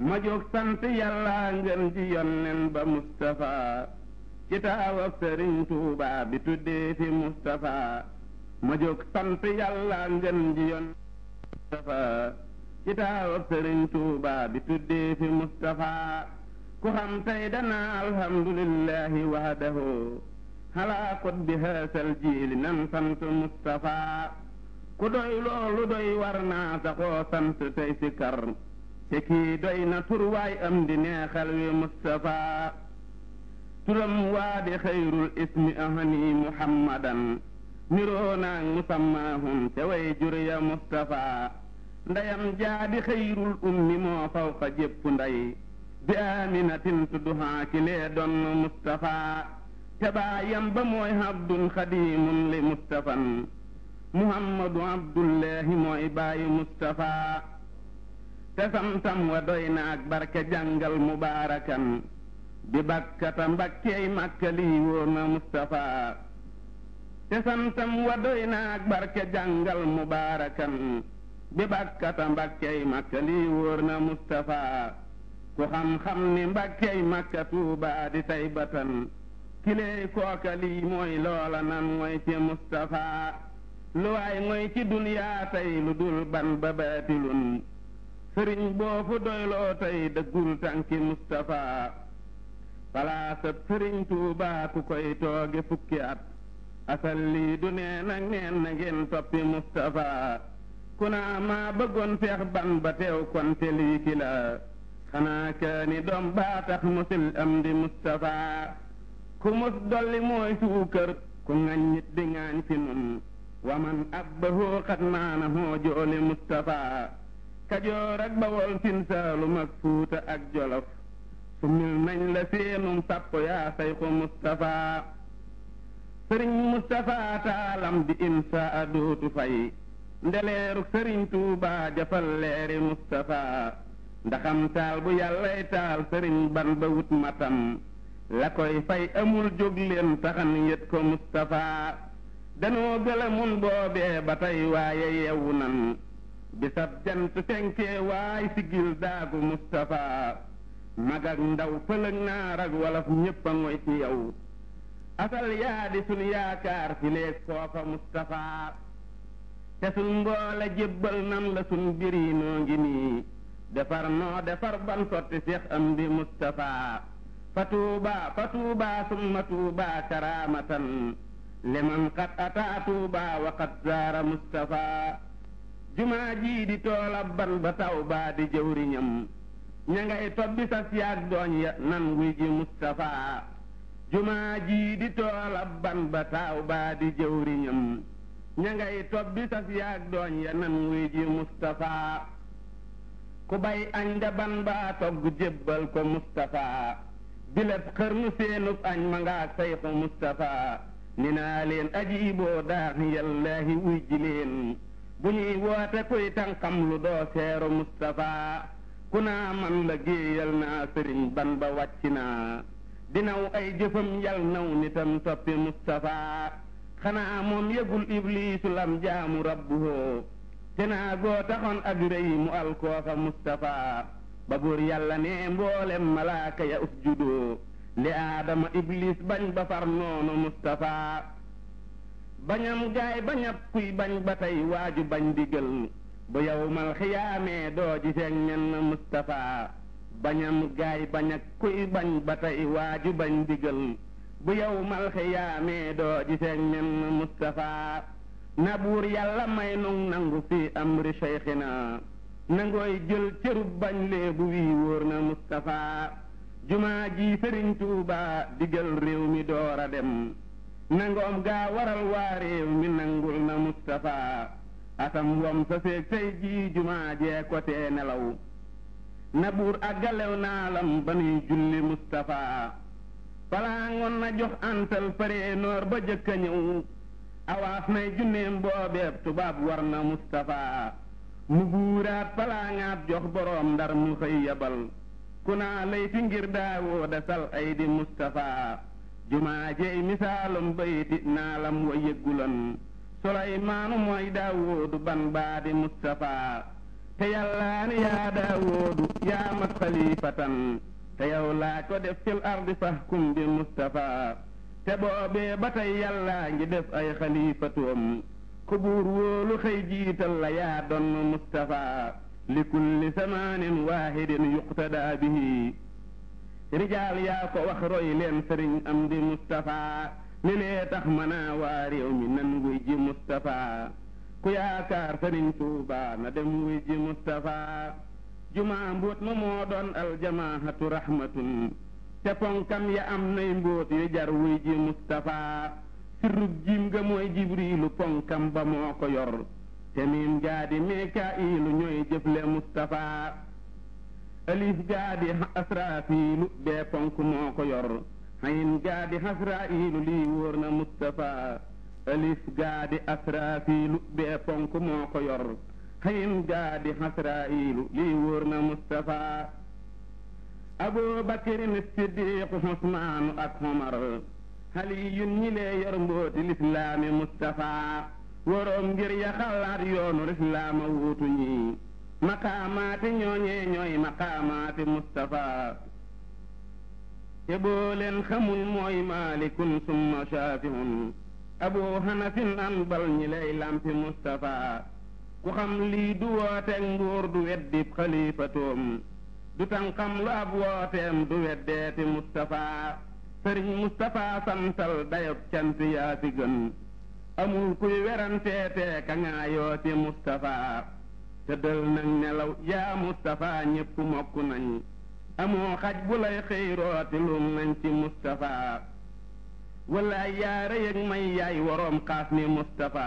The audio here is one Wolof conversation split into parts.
ma jóg sant yàlla ngeen ji yonnen ba Mustapha ci taawab Sëriñ Tuuba bi tuddee fi Mustapha ma jóg sant yàlla ngeen ji yonnen Mustapha ci taawab Sëriñ Tuuba bi tuddee fi Mustapha ku xam tey dana alhamdulillahi wahdahu halaa kot bi haasal jiili nan sant Mustapha ku doy loolu doy war naa saxoo sant tey kar te kii doy na tur waay am di neexal wi Mustapha turam waa di xayrul ismi ahani muhammadan niroo naag musammahum te way juriya Mustapha ndeyam jaa di xayrul moo fawqa jépp ndey bi aminatin tudduhaa ki lee te baayam ba mooy abdun xadimun li Mustaphan muhammadu abdullahi mooy baayu Mustapha te sam wa doyna ak barke jangal mubarakan bi bakata mbakkey ay makali wóor na mustafa te wa doyna ak barke jangal mubarakan bi bakata mbakkey ay makali na mustafa xam-xam ni di tay batan kilee kooka lii mooy loola nan moy ci mustafa lu waay ci dunya tay lu ban babatilun sëriñ boo fu doyloo tey dëggul tànki Mustapha palaasab sëriñ Tuubaa ku koy tooge fukki at asal lii du nee nag neen na ngeen toppi Mustapha ku naa maa bëggoon feex ban ba teew konte lii ki la xanaa kaani doom baa tax musil am di Mustapha ku mus dolli mooy suukar ku ngañ nit di ngaañ fi nun waman abbahu xat maana hoo jooli Mustapha kajoor ak bawol sin saalum ak fuuta ak jolof sumil nañ la seenum sàpp yaa sayxu Mustapha sëriñ Mustapha taalam di imsa a dootu fay ndeleeruk sëriñ Tuuba jafal leeri Mustapha ndaxam taal bu yàllay taal sëriñ ban ba wut matam la koy fay amul jóg leen taxan ko Mustapha danoo gëlëmun boobee ba tey waaye yewu nan bisab jant fenke way sigil dagu mustafa magak ndaw pëlëg naar ak walaf ñepp a ci yow asal ya di sun ci les sofa mustafa te sun mboola jebal nan la sun biri no ngi ni defar no defar ban sotti cheikh am mustafa fatuba fatuba summa tuba karamatan liman qad ata tuba wa qad zara mustafa jumaa jii di toolab ban ba taw baa di jëwriñam ña ngay tobbi dooñ ya nan wuy ji Mustapha jumaa jii di toolab ban ba taw baa di jëwriñam ña ngay tobbi dooñ ya nan wuy ji Mustapha ku bay añ da ban baa togg jébbal ko Mustapha bileb xërnu seenub añ ma ngaak sayxu Mustapha ni naa leen aji iboo daax yallaahi wuy ji leen bu ñuy woote kuy tànkam lu doo seeru Mustapha ku naa man la géeyal naa sëriñ ban ba wàcc naa dinaw ay jëfam yal naw nitam toppi Mustapha xanaa moom yëgul ibliisu lam jaamu rabbuhoo te naa goo taxoon ak mu alkoofa Mustapha ba buur yàlla ne mboolem malaaka ya usjudoo li aadama iblis bañ ba far noonu Mustapha bañam gaay ba ñab kuy bañ ba tey waa ju bañ digal bu yowmal xiyaamee doo gisee ñenn Mustapha bañam gaay bañ kuy bañ ba tey waaju bañ digal bu yowmal xiyaamee doo gisee ñenn Mustapha na buur yàlla may nun nangu fi amri cheikhina nangooy jël cërub bañ léebu wii wóor na Mustapha jumaa ji Sëriñ Tuuba digal réew mi door a dem nangoom gaa waral waa réew mi nangul na Mustapha asam wom sa seeg tey jii jumaa jee ko tee nelaw na buur àggalew naalam ba nuy julli Mustapha falaangoon na jox antal pare noor ba jëkk a ñëw awaas nay junneem boobeeb tubaab war na Mustapha mu buuraat falaangaat jox boroom ndar mu xëy ku naa layti ngir daawoo desal ay di Mustapha jumaaje e misaalum bayti naalam wo yeggulon sulaymaanu moy daawoodu banbaade mustapha te yallaani yaa daawoodu yaa mat khalifatan te yow laa ko def fil ardi fahkum bi mustapha te boobee ba tey yàllaa ngi def ay khalifatuwam ku buur wóolu xëy jiital la yaa donn mustapha li kulli samaanin waahidin yuqtadaa bihi rijaal yaa ko wax roy leen sëriñ am di Mustapha li lee tax mana waa réew mi nan wuy ji Mustapha ku yaakaar sëriñ Tuuba na dem wuy ji Mustapha jumaa mbóot ma moo doon aljamaahatu rahmatun te ponkam ya am nay mbóot yu jar wuy ji Mustapha sirrub jiim nga mooy jibriilu ponkam ba moo ko yor te miim jaadi meekaa'ilu ñooy jëfle Mustapha alif jaadi asraafiilu bee ponk moo yor xayin jaadi asraafiilu lii wóor na Mustafa alif jaadi asraafiilu bee ponk moo yor xayin jaadi asraafiilu lii wóor na Mustafa Abu Bakrin Siddiqu Usmaanu ak Omar xaliyun ñi lee yor mbooti lislaami Mustafa waroom ngir ya xalaat yoonu lislaama wuutu ñi maqaamaati ñooñee ñooy maqaamaati Mustafa te boo leen xamul mooy maalikun summa shaafihun abu hanafin an bal ñi lay lampi Mustafa ku xam lii du wooteeg nguur du weddi xalifatoom du tànqam lu ab wooteem du weddeeti Mustafa sëriñ Mustafa santal dayob cant fi gën amul kuy weranteetee ka ngaayoo ci Mustafa tëddal nag nelaw yaa Moustapha ñépp mokk nañ amoo xaj bu lay xëyrooti lum nañ ci Moustapha walaay yaare yëg may yaay waroom xaas ni Moustapha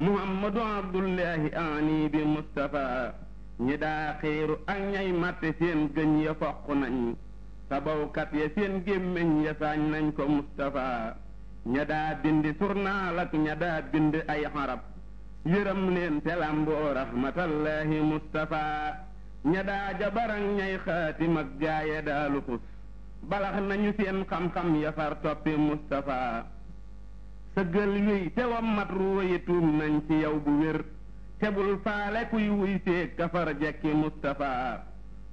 Muhammadu Abdullahi ani bi Moustapha ñi daa xiiru ak ñay màtte seen gëñ ya foq nañ sabawkat ya seen gémmiñ ya saañ nañ ko Moustapha ña daa bind surnaal ak ña daa bind ay xarab yërëm leen te làmboo raxmatallahi mustapha ña daa jabarang ñay xaatim ak jaaye daa luxus balax nañu seen xam-xam yafar toppi mustapha sëggal yuy te wammat ruwaye tuum nañ ci yow bu wér tebul faale kuy wuy see kafar jekki mustapha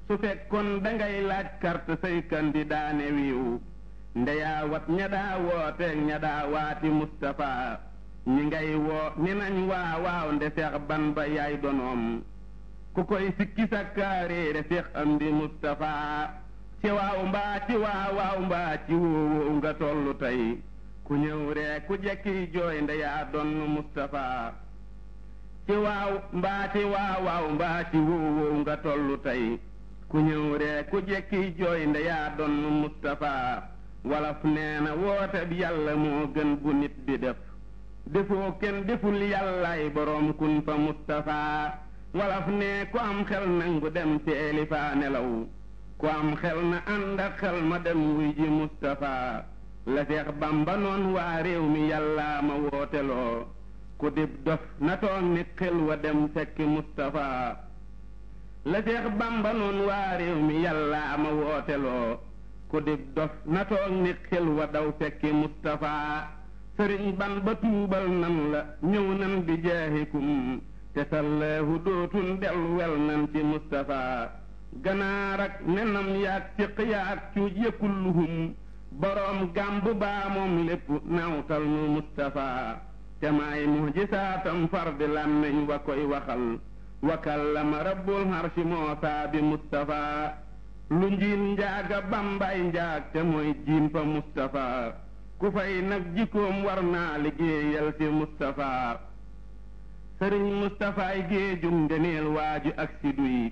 su fekkoon dangay laaj carte say kandidaane wiiw ndeyaa wat ña daa wooteeg ña daa waati mustapha ñi ngay woo ni nañ waa waaw nde seex ban ba yaay donoom ku koy sikki sakkaare re seex am di Mustapha ci waaw mbaa ci waaw waaw mbaa ci wóowóow nga tollu tey ku ñëw ree ku jekki jooy nde yaa donn Mustapha ci ku ñëw ree ku nee na woote bi yàlla moo gën bu nit bi def defoo kenn deful yàllaay boroom kun fa Mustafa walaf ne ku am xel nangu dem ci elifa nelaw ku am xel na ànd ak xel ma dem wuy ji Mustafa la Seex Bamba noon waa réew mi yàllaa ma wooteloo ku dib dof na toog xel wa dem fekki Mustafa la Bamba noon waa réew mi yàllaa ma wooteloo ku dib dof na toog xel wa daw fekki Mustafa sering ban ba tuubal nan la ñëw nan bi jaahikum te sallahu dootun del wel nan ci mustafa ganaar ak nenam yaag fiq ak cuuj yekuluhum boroom gàmb baa moom lépp nawtal nu mustafa te maay mujisaatam far di làmmeñ wa koy waxal wa kallama rabbul harshi moosaa bi mustafa lu njiin njaaga bambay njaag te mooy jiim fa mustafa ku fay nag jikkoom war naa liggéeyal ci mustafa sëriñ ay géejum ndeneel waaju ak sidu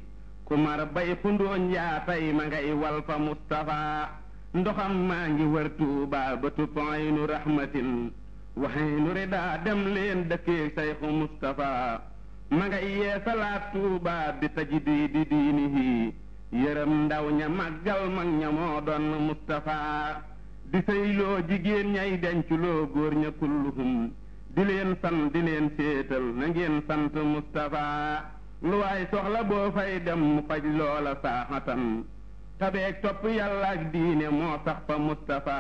ku mar bay pundooñ yaa tay ma ngay wal fa mustafa ndoxam maa ngi wër tuubaa ba fayinu rahmatin waxeynu ridaa dem leen dëkkeeg saykhu mustafa ma ngay yeesalaat ba bi tajidi di diinihi yërëm ndaw ña màggal mag ña moo doon mustafa di sëyloo jigéen ñay denculoo góor ña kulluhum di leen san di leen séetal na ngeen sant Mustapha lu waay soxla boo fay dem mu faj loola saaxatan tabeeg topp yàlla ak diine moo sax fa Mustapha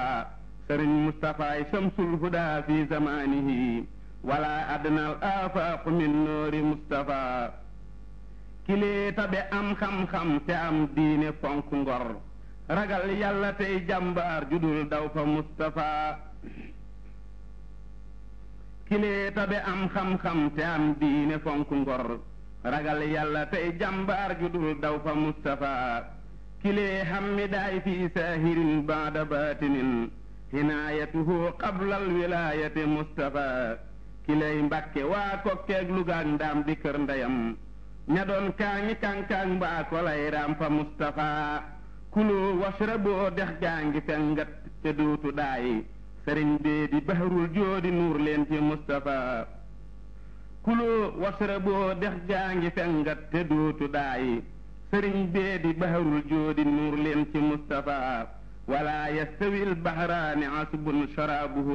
sëriñ Mustapha shamsul huda fi zamanihi wala adnal afaaqu min noori Mustapha kilee tabe am xam-xam te am diine fonk ngor ragal yàlla tey jàmbaar judul daw fa Mustapha kilee tabe am xam-xam te am diine fonk ngor ragal yàlla tey jàmbaar judul daw fa Mustapha kilee hammidaay fi saahirin baada baatinin hinaayatuhu qablal wilaayati Mustapha kilay mbàkke waa kokkeeg lugaag ndaam di kër ndeyam ña doon kaañi kànkaag mbaa fa Mustapha kulu washrabo dex gaa ngi sa ngat te dootu daay sëriñ bee di baharul joodi nuur leen ci mustapha kulo wasrabo dex gaa ngi sa ngat te dootu daay sëriñ bee di baharul joodi nuur leen ci mustapha ولا يستوي البحران عصب شرابه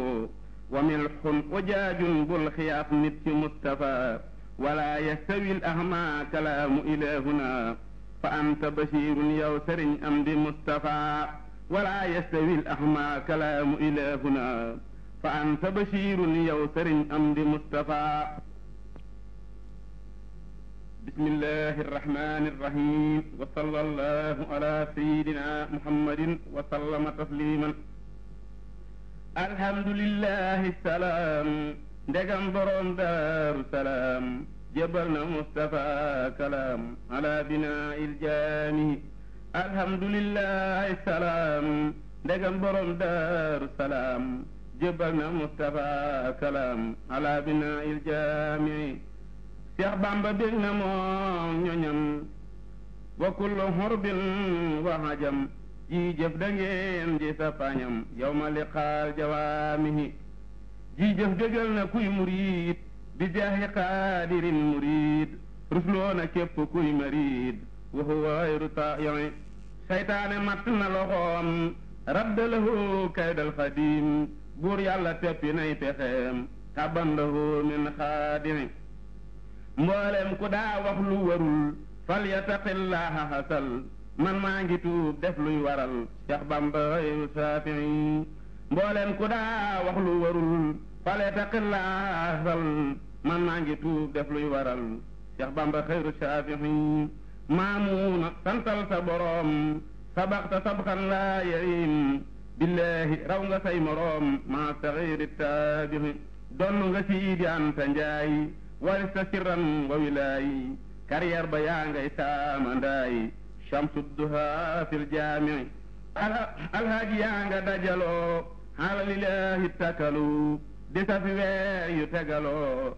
وملح أجاج بالخياط نبت مصطفى ولا يستوي الأهما كلام إلهنا فأنت بشير يا سرين أمدي مصطفى ولا يستوي الأحمى كلام إلى هنا فأنت بشير يا سرين أمدي مصطفى بسم الله الرحمن الرحيم وصلى الله على سيدنا محمد وسلم تسليما الحمد لله السلام دغم بروم دار سلام جبرنا مصطفى كلام على بناء الجامع الحمد لله السلام دقم برم دار سلام جبرنا مصطفى كلام على بناء الجامع شيخ بامبا بينا مو نيونم وكل حرب وهجم جي جف دنجين جي سفانيم يوم لقاء جوامه جي جف دجل كوي مريد bi jaahi qaadirin muriid rusloo na képp kuy mariid waxu wayru taayi seytaane matt na loxoom radda lahu kaydal xadiim buur yàlla teppi nay pexeem taban lahu min xaadimi mboolem ku daa wax lu warul fal yattaqillaaha xasal man maa ngi tuub def luy waral Seex Bamba saafii mboolem ku daa wax lu warul falyataqillaha asal man maa ngi tuub def luy waral Cheikh Bamba khairu shafi'i mamuna santal sa borom sabaqta sabqan la yarim billahi raw nga say morom ma saxiiri tabihi don nga si idianta njaay wal sirran wa wilay carrière ba ya ngay taamandaay shamsu duha fil jaamici al yaa nga dajaloo xaalalilahi takalu di sa fi weer yu tegaloo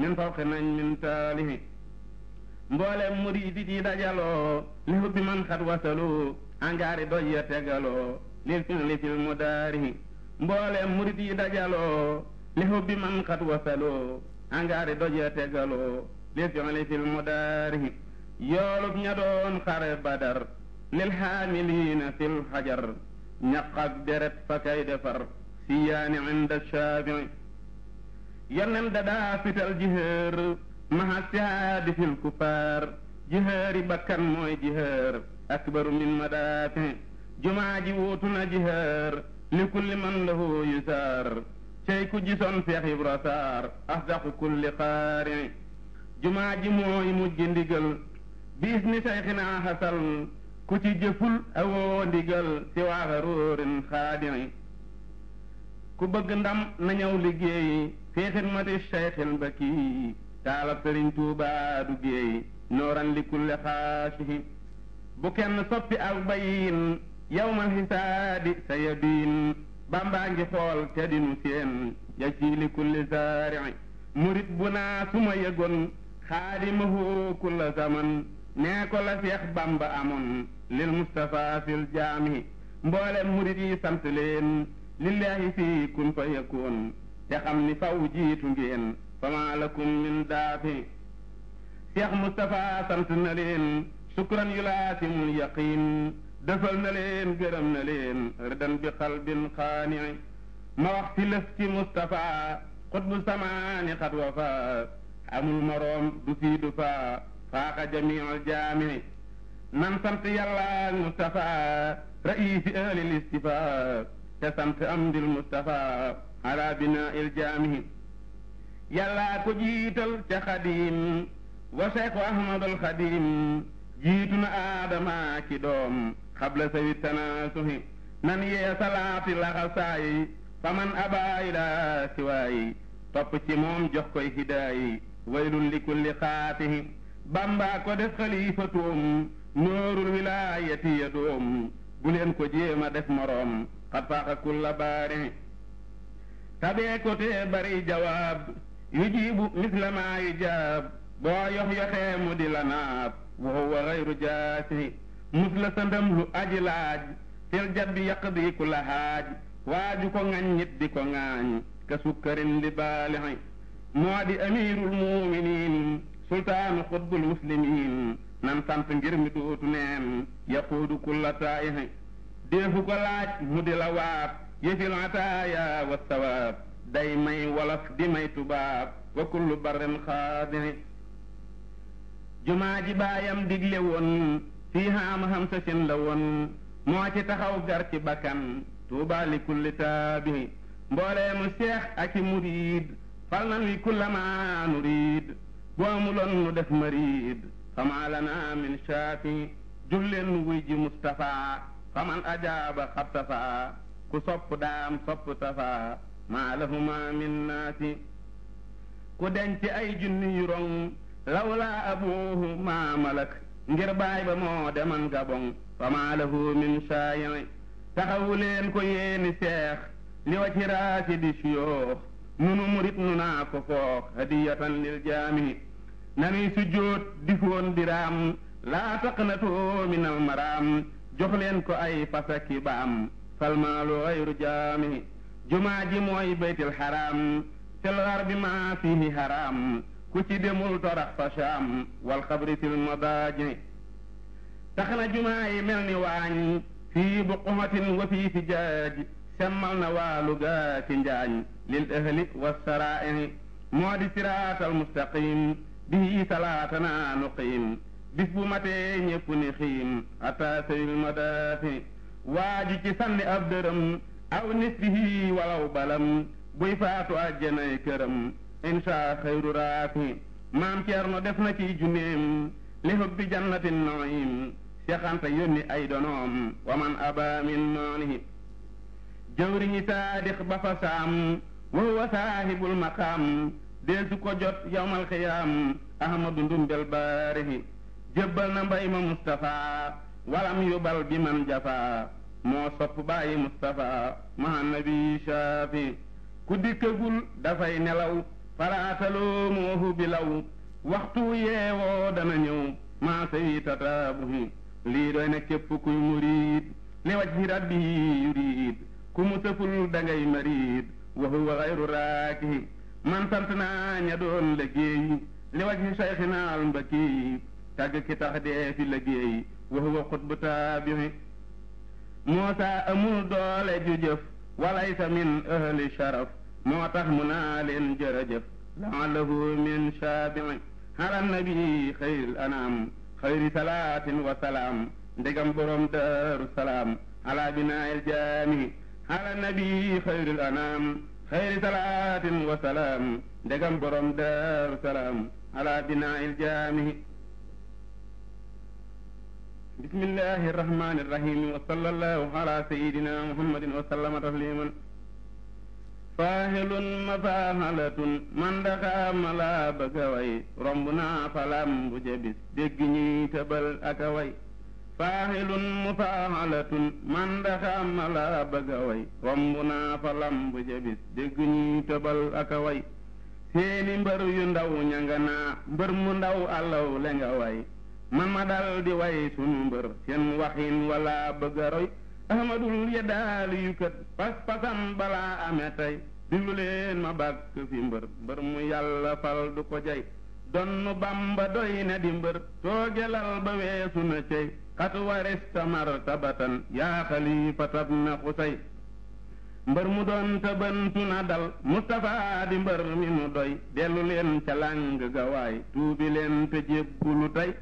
min fawqi nañ min taalihi mboolem muriidi di dajaloo li hubbi man xat wasalu angaari doj ya tegaloo lil fin li fil mu daarihi mboolem murid yi dajaloo li hubbi man xat wasaloo angaari doj ya tegaloo lil fin li fil mu daarihi yoolub ña doon xare badar lil xaamiliina fil xajar ñaq ak deret fa kay defar siyaani inda shaafi'i yeneen da daa fital jiheer maha sihaadi fil kufaar bakkan mooy jiheer akbaru min madaafi jumaa ji wuutu na li kulli man lahu yusaar cey ku gisoon Seex Ibra Saar asdaqu kulli xaari jumaa ji mooy mujj ndigal biis ni sayxinaa xasal ku ci jëful awoo ndigal si waa xaruurin xaadiri ku bëgg ndam na ñëw liggéeyi fii xidmati cheikhil baki taalab sëriñ tuuba du géeyi nooran li kulli xaasihi bu kenn soppi ak bayin yawmal xisaadi sa yabin bambaa ngi xool te dinu seen yasi li kulli zaarici murit bu naa suma yëgoon xaadimahu kulla zaman nee ko la seex bamba amoon lil mustafa fil jaami mboolem murit yi sant leen lillaahi fii kun fa yakun te xam ni faw jiitu ngeen fama lakum min daafi Cheikh Moustapha sant na leen sukran yulaasimul yaqiin defal na leen gërëm na leen rëdan bi xalbin xaanii ma wax fi lëf ci Moustapha xutbu samaani xat wafa amul moroom du fii du faa faaxa jamiul jaami nan sant yàlla Moustapha raisi ahlil istifa تسمت أمد المصطفى على بناء الجامع يلا كجيت الجخديم وشيخ أحمد الخديم جيتنا آدم كدوم قبل سوي التناسه من يصلى في الغصاي فمن أبى إلى سواي طبت موم جخوي هداي ويل لكل خاته بامبا كود خليفتهم نور الولاية يدوم بلين كجيما دف مروم xat faaqa kulla baari tabee ko tee jawaab yu jiibu misla jaab boo yox mu di la wa huwa xayru jaasi mus sa ndëm lu aji laaj yaqdi ku haaj waaju ko ŋañ nit di ko ŋaañ ka sukkarin li baalixi moo di amirul muuminiin sultaanu xutbul muslimiin nan sant ngir mi dootu neen yaquudu kulla taayixi deefu ko laaj mu di la waat yëfil ataaya wa sawaab day may wolof di may tubaab wa kullu barren xaadini jumaa ji baayam digle woon fii haam hamsa sin la woon moo ci taxaw gar ci bakkan tuubaa li kulli taabi mboolee mu seex ak i muriid fal nan wi kullamaa nuriid bu amuloon nu def mariid famaa lanaa min shaafi jubleen nu wuy ji mustafaa faman ajaaba xat tafaa ku sopp daam sopp tafaa maa lahuma min naati ku denc ay junni yu rong lawlaa abuuhu maa malak ngir baay ba moo deman gabon fa maa lahu min shaayi taxawu leen ko yéeni seex li wa raasi di siyoox nunu murit nu naa ko foox hadiyatan lil jaami nanuy sujjóot di foon diraam laa taqnatoo min al maraam jox leen ko ay pasaki ba am falmaalu xayru jaami jumaa ji mooy baytil xaraam fil garbi maa fihi xaraam ku ci demul torax fa shaam wal xabri fil madaaji tax na jumaa yi mel ni waañ fii buqumatin wa fii fijaaj semmal na waalu gaa ci njaañ lil ahli wassaraa'ini moo di siraatal mustaqiim bihi salaatana nuqiim bis bu matee ñépp ni xiim atta madaafi waa ci sànni ab dërëm aw nisbihi walaw balam buy faatu àjjanay këram insha xayru raafi maam Ceerno def na ciy junneem li hubbi jannatin naim sexanta yónni ay donoom wa man aba min noonihi jëwriñi saadix ba fa saam wa huwa saahibul maqaam dee ko jot yawmal xiyaam ahmadu ndumbel baarihi jébbal na mbay ma Mustapha walam yubal bi man jafa moo sopp bàyyi ma nabi shaafi ku dikkagul dafay nelaw faraataloo moohu bilaw waxtu yeewoo dana ñëw maa sawi tataabuhi lii doy na képp kuy muriid li wajhi rabbi yuriid ku mu sëful mariid wa huwa xayru raakihi man sant naa ña doon liggéey li wajhi sayxinaa al mbakii tàgg ki tax dee fi liggéey wax wa xutbu taabixi moosaa amul doole ju jëf walaysa min ahli sharaf mota tax mu naa leen jërëjëf laalahu min shaabici ala nabi xayril anam xayri salaatin wa salaam ndegam borom daaru salaam ala binaayil jaami ala nabi xayril anam xayri salaatin wa salaam ndegam borom daaru salaam ala bismillahi irrahmani irrahimi wa sallallahu ala sayidina muhammadin wa sallama tasliman faaxelun mafaaxalatun man daxaama laa bëgg laa bëgg way romb naa falam bu ca dégg ñuy tëbal ak way seeni mbër yu ndaw ña mbër mu ndaw àllaw le nga way ma dal di way sun mbeur sen waxin wala bëgg roy ahmadul ya yu kat pas-pasam bala amee tey diglu leen ma bak fi mbeur mbeur mu yalla fal du ko jay donu bamba doy na di mbër toogelal ba weesu na cey waris tamar tabatan ya qusay mbeur mu na dal mustafa di minudoi, mi mu doy delu len ca làng gawaay len te tay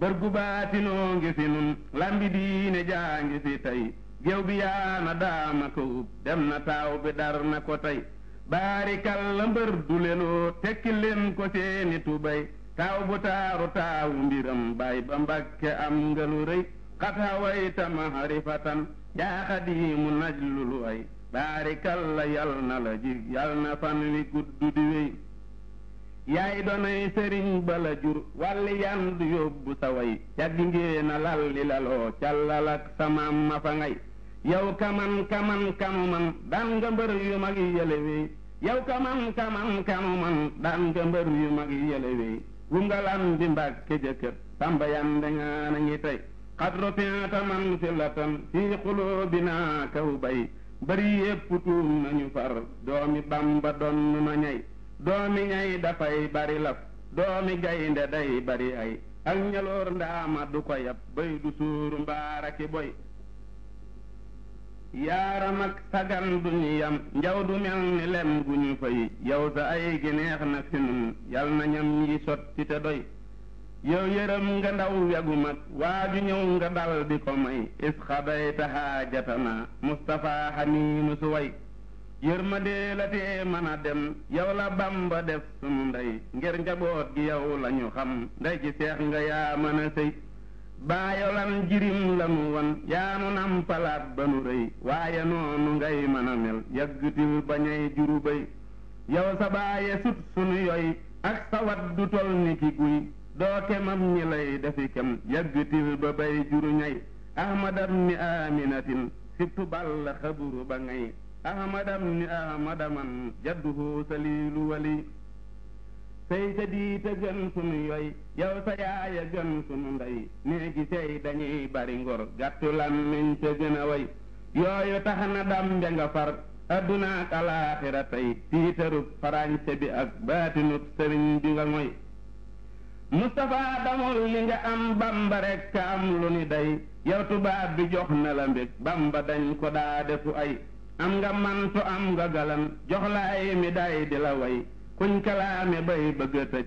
bërgu baatinoo ngi fi nun lambi diine jaa ngi fi tey géew bi yaa na daama ko ub dem na taaw bi dar na ko tey baarikal la mbër du lenoo tekki leen ko seeni tubay taaw bu taaru taawu mbiram bay ba mbakke am nga lu rëy xat hawayta maharifatan yaa xadiimu najlulu ay baarikal la yal na la ji yal na fan wi gudd di wéy yaay doonay sëriñ bala jur wàlli yan du yóbbu sa way yàgg ngée na lal li laloo càllal ak samaam ma fa ngay yow kaman kaman kamu man mbër yu mag yi yële wey yow kaman kaman kamu man daan nga mbër yu mag yi yële wu nga lan di jëkkër samba yan dangaa na ngi tey xadro pinta man fi latan fii xuloo bi naa kaw bay bëri yépp tuum nañu far doomi bamba donn na ñay doomi ñay dafay bari laf doomi gaynde day bari ay ak ñaloor ndaama du ko yab bay du suuru mbaaraki boy yaaram ak sagan duñu yam njaw du mel ni lem gu ñu fay yow sa ay gi neex na fi nun yal na ñam yi sotti te doy yow yërëm nga ndaw wegu mag waa ju ñëw nga dal ko may is xaday taxaajatana mustapha xamiinu su yërmande la tee mën a dem yow la bamba def sunu ndey ngir njaboot gi yow la xam ndey ci seex nga yaa mën a sëy baayolan jirim la nu wan yaanu nam ba nu rëy waaye noonu ngay mën a mel yàggtiw bañay juru bay yow sa baaye sut sunu yoy ak sa wat du ki guy doo kemam ñi lay defi kem yàggtiw ba bay juru ñay ahmadam ni aminatin sibtu balla xaburu ba ngay أحمد بن أحمد من جده سليل ولي seytadi te gën sunu yoy yow sa yaaya gën sunu ndey gi sey dañuy bari ngor gàttu lammiñ te gën a way yooyu tax na dam ja nga far adduna ak alaaxira tey tiitarub farañse bi ak baatinub sëriñ bi nga moy mustapha damul li nga am bamba rek ka am lu ni day yow tubaab bi jox na la mbég bamba dañ ko daa defu ay am nga man tu am nga galan jox la ay médaille di la way kuñ kalaame bay bëgg tëj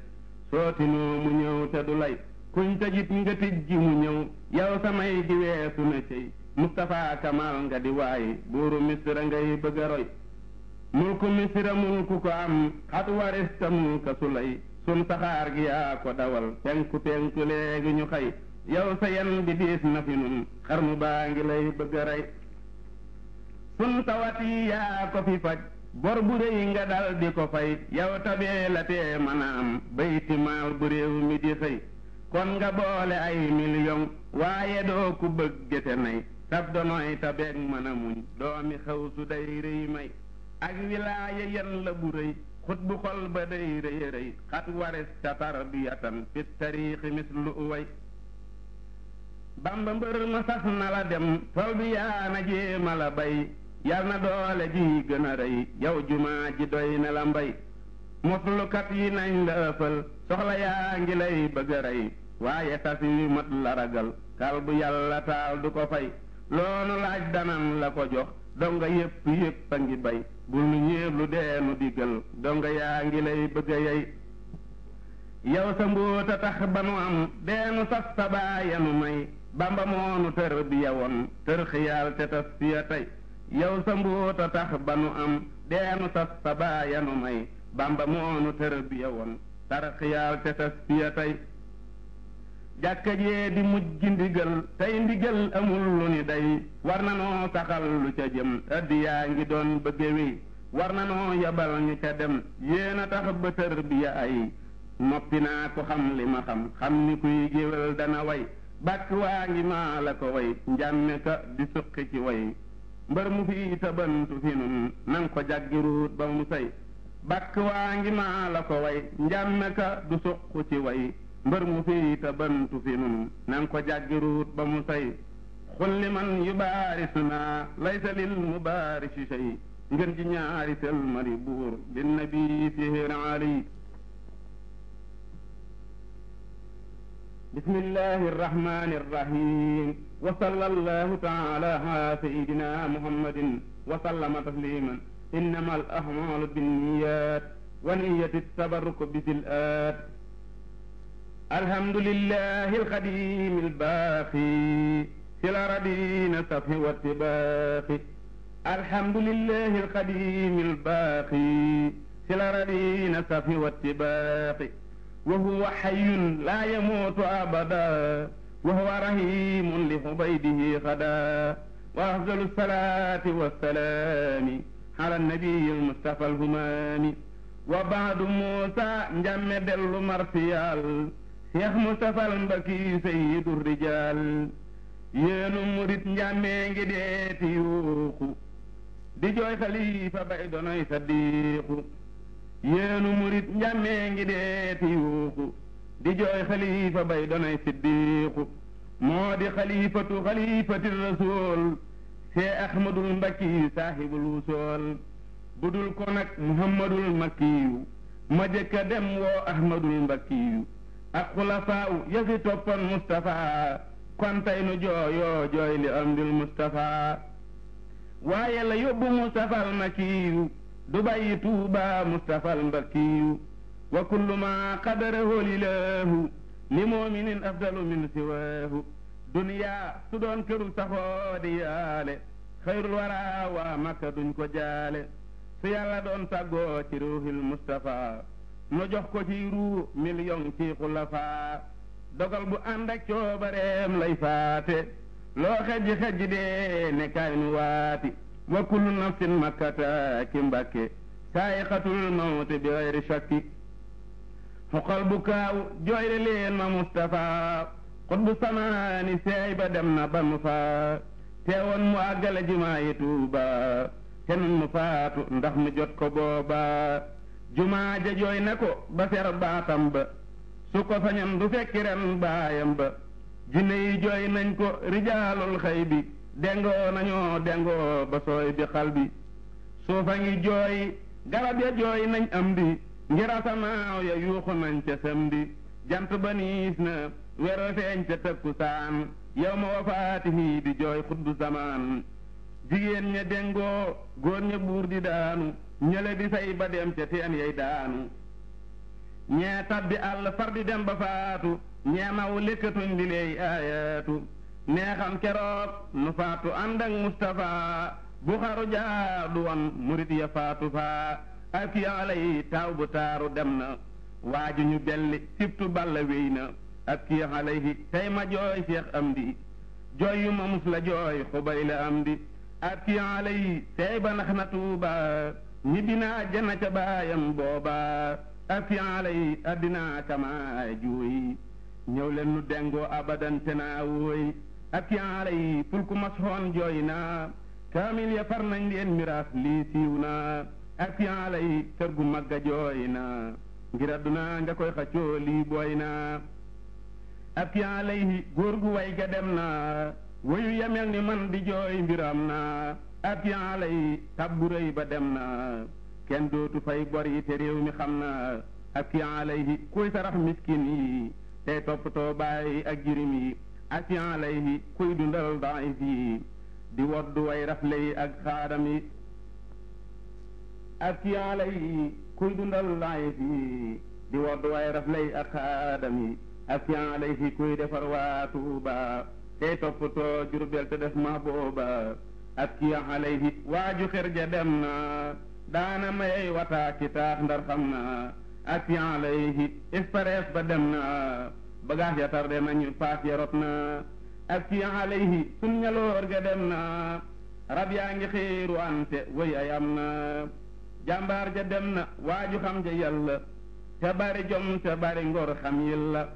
sootinoo mu ñëw te du lay kuñ tëjit nga tij ji mu ñëw yow samay di weesu na cey mustafa kamal nga di waay buuru misra ngay bëgg roy mulku misra mulku ko am xat warista mulka sulay sun saxaar gi yaa ko dawal penku penku léegi ñu xay yow sa yan bi diis na fi nun lay bëgg rey kun tawati yaa ko fi faj bor bu rëy nga dal ko fay yow tabee la tee mën a am bay timaal bu réew mi di xëy kon nga boole ay million waaye doo ku bëgg te nay tab donoy tabeeg mën a muñ doomi xaw su day rëy may ak wilaaya yan la bu rëy xut bu xol ba day rëy rëy xat waris ta tarbiyatan fi tariixi mis lu uway bamba mbër ma sax na la dem tol bi yaa na jéema la bay yal na doole ji gën a rëy jaw jumaa ji doy na la mbay moslukat yi nañ la ëppal soxla yaa ngi lay bëgg a rey waaye tas yi la ragal kal yàlla taal du ko fay loonu laaj danan la ko jox donga yépp yépp a ngi bay bul nu ñéeb lu deenu diggal donga yaa ngi lay bëgg a yey yow sa mbóota tax ba nu am deenu sas sa baayanu may bamba moonu tër bi yawoon tër xiyaal te tas fiya tey yow sa mbuuta tax ba nu am deenu sas sa baaya nu may bamba moonu tërëbiya woon tarxiyaal te tas fiya tey jàkka di mujj ndigal tey ndigal amul lu ni day war na noo saxal lu ca jëm addi yaa ngi doon bëgge wéy war na noo yabal ñu ca dem yéen a tax ba tërbiya ay noppi naa ko xam li ma xam xam ni kuy géwél dana way bàkk waa ngi maa la ko way njàmme ka di suqi ci way mbër mu fii tëbantu fi nun nan ko jaggiruut ba mu say bakk waa ngi maa la ko way njàmme ka du suq ci way mbër mu fii tëbantu fi nun nan ko jaggiruut ba mu say xulli man yu baarisu naa laysa lil mu baarisu shay ngën ji ñaari sëlmari buur bi nabi fi hiraali بسم الله الرحمن الرحيم وصلى الله تعالى على سيدنا محمد وسلم تسليما إنما الأعمال بالنيات ونية التبرك بذلآت الحمد لله القديم الباقي في الأرضين صفه واتباقي الحمد لله القديم الباقي في الأرضين صفه واتباقي وهو حي لا يموت أبدا وهو رحيم لعبيده غدا وأفضل الصلاة والسلام على النبي المصطفى الهمام وبعد موسى نجمد المرسيال شيخ مصطفى المبكي سيد الرجال ينو مريد njàmmee ngi يوخو دي جوي خليفة بعيدنا يصديقو yéenu murit njàmmee ngi dee ti yuuxu di jooy xalifa bay donay siddiiqu moo di xalifatu xalifati rasuul see ahmadul mbakki saahibul wusool bu dul ko nag muhammadul makkiyu ma jëkka dem woo ahmadul mbakkiyu ak xulafaawu yafi toppoon mustapha kon tey nu jooyoo jooy li amdil mustapha waaye la yóbbu mustapha al makkiyu دبي توبا مصطفى البكي وكل ما قدره لله لمؤمن أفضل من سواه دنيا سدون كرو سفوديال خير الورى ومكة دنكو جال سيالا دون تاغو تروه المصطفى no كتيرو مليون ci خلفاء دقل بو xulafa شو بريم ليفاتي لو خج خج دي نكاين واتي wa kullu nafsin makkata ki mbàkke saaiqatul mawti bi gayri shakki xuqal bukaaw joyre leen ma mustafa xutbu samaani seey ba dem na ba mu fa teewoon mu àggale jumaa yi tuuba te nun mu faatu ndax mu jot ko booba jumaa ja jooy na ba fer batam ba su ko sañoon du fekki ren ba jinne bi Dengo nañu dengo ba soy bi xalbi so suufa ngi joy garab ya joy nañ am bi ngira sama ya yuuxu nañ ca jam di jant ba niis na wero feñ ca takusan yow ma wafaatihi di joy xuddu zaman, jigéen ña dengoo góor di daanu ñele di fay ba dem ca teen yey daanu ñe tabbi fardi di dem ba faatu ñe maw lekkatuñ li lay ayatu neexam keroog nu faatu ànd ak Mustapha bu xaru jaar du murit ya faatu fa ak yàlla yi taaw bu taaru dem na waaju ñu belli sibtu balla wéy na ak kii alayhi tey ma jooy Cheikh Amdi jooy yu ma mus la jooy xubay la Amdi ak kii alayhi tey ba nax na tuuba ñibbi naa jana ca baayam booba ak kii alayhi addinaa kamaay juuy ñëw leen nu dengoo abadan te naa wóoy attiyaara yi fulku mashoon jooy na kaamil ya far nañ leen miraas lii siiw na attiyaara yi kër gu màgg a jooy na ngir adduna nga koy xaccoo lii booy na attiyaara yi góor gu way ga dem na wayu yamel ni man di jooy mbiram na attiyaara yi tabbu rëy ba dem na kenn dootu fay bor yi te réew mi xam na ak ki alayhi kuy sarax miskin yi tey toppatoo bàyyi ak jirim yi asi alayhi kuy dundal daif yi di woddu way rafle ak xaaram yi asi alayhi kuy dundal daif yi di woddu way rafle ak xaaram yi asi kuy defar waa Tuuba tey toppatoo Jurbel te def ma booba asi alayhi waaju xër ja daana mayey wataa taax ndar xam na asi alayhi espares ba dem na bagaas ya tardé nañu paas ya rot na ak ci alayhi sun ga dem na rab yaa ngi xiiru ante way ay am na jàmbaar ja dem na waaju xam ja yàlla te bari jom te bari ngor xam yàlla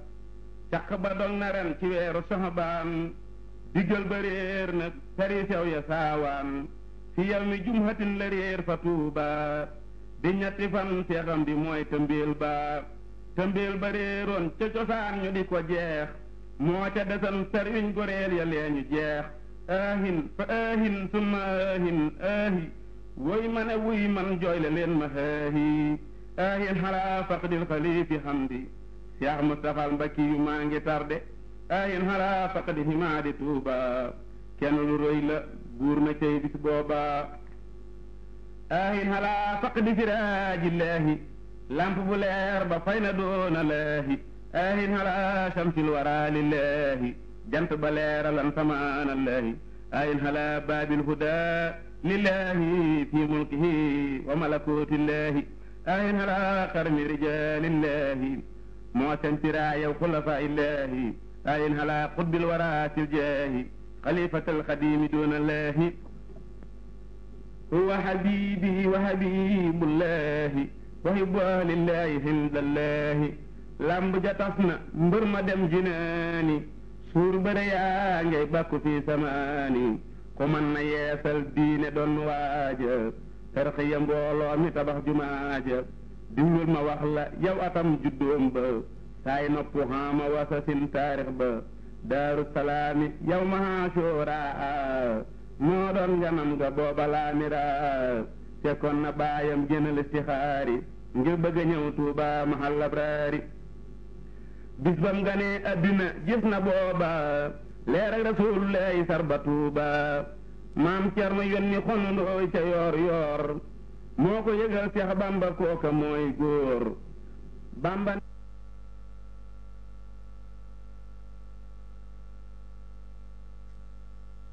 caq ba dog na ren ci weeru soxbaan diggal ba réer na tari sew ya saawaan fi yow mi jumhatin la réer fa tuuba di ñetti fan seexam bi mooy tëmbil ba te mbeel ba réeroon ca cosaan ko jeex moo ca desan per yuñ goreel ya lee ñu jeex aahin fa aahin summa aahin aahi woy ma ne wuy man jooyle leen ma haahi aahin xalaa faqdil xaliifi hamdi Seex Mustafaal Mbakki yu maa tarde aahin xalaa faqdi himaadi tuuba kenn lu roy la buur na cay booba aahin xalaa faqdi siraajillaahi لامب بو لير دون الله اهين هلا شمس الورى لله جنت با لير لان الله اهين هلا باب الهدى لله في ملكه وملكوت الله اهين هلا خرم رجال الله موتن ترى يو خلفاء الله اهين هلا قطب الورى الجاه خليفة القديم دون الله هو حبيبي وحبيب الله ويبقى لله عند الله lamb ja tas na mbër ma dem jinaani suur bëre yaa ngay bàkku fi samaani ku mën na yeesal diine doon waaja tarxiya mbooloo mi tabax jumaaja diwlul ma wax la yow atam juddoom ba saay noppu xaama wasa sin taarix ba daaru salaami yow ma haasooraa moo doon ganam ga booba laamiraa fekkoon na bayam génal istixaari ngir bëgg a ñëw Tuuba mahal abraari bis bam nga ne addina gis na booba leer ak rasuulullaahi sarba Tuuba maam Cerno yónni xonandooy ca yoor yoor moo ko yëgal Seex Bamba kooka mooy góor Bamba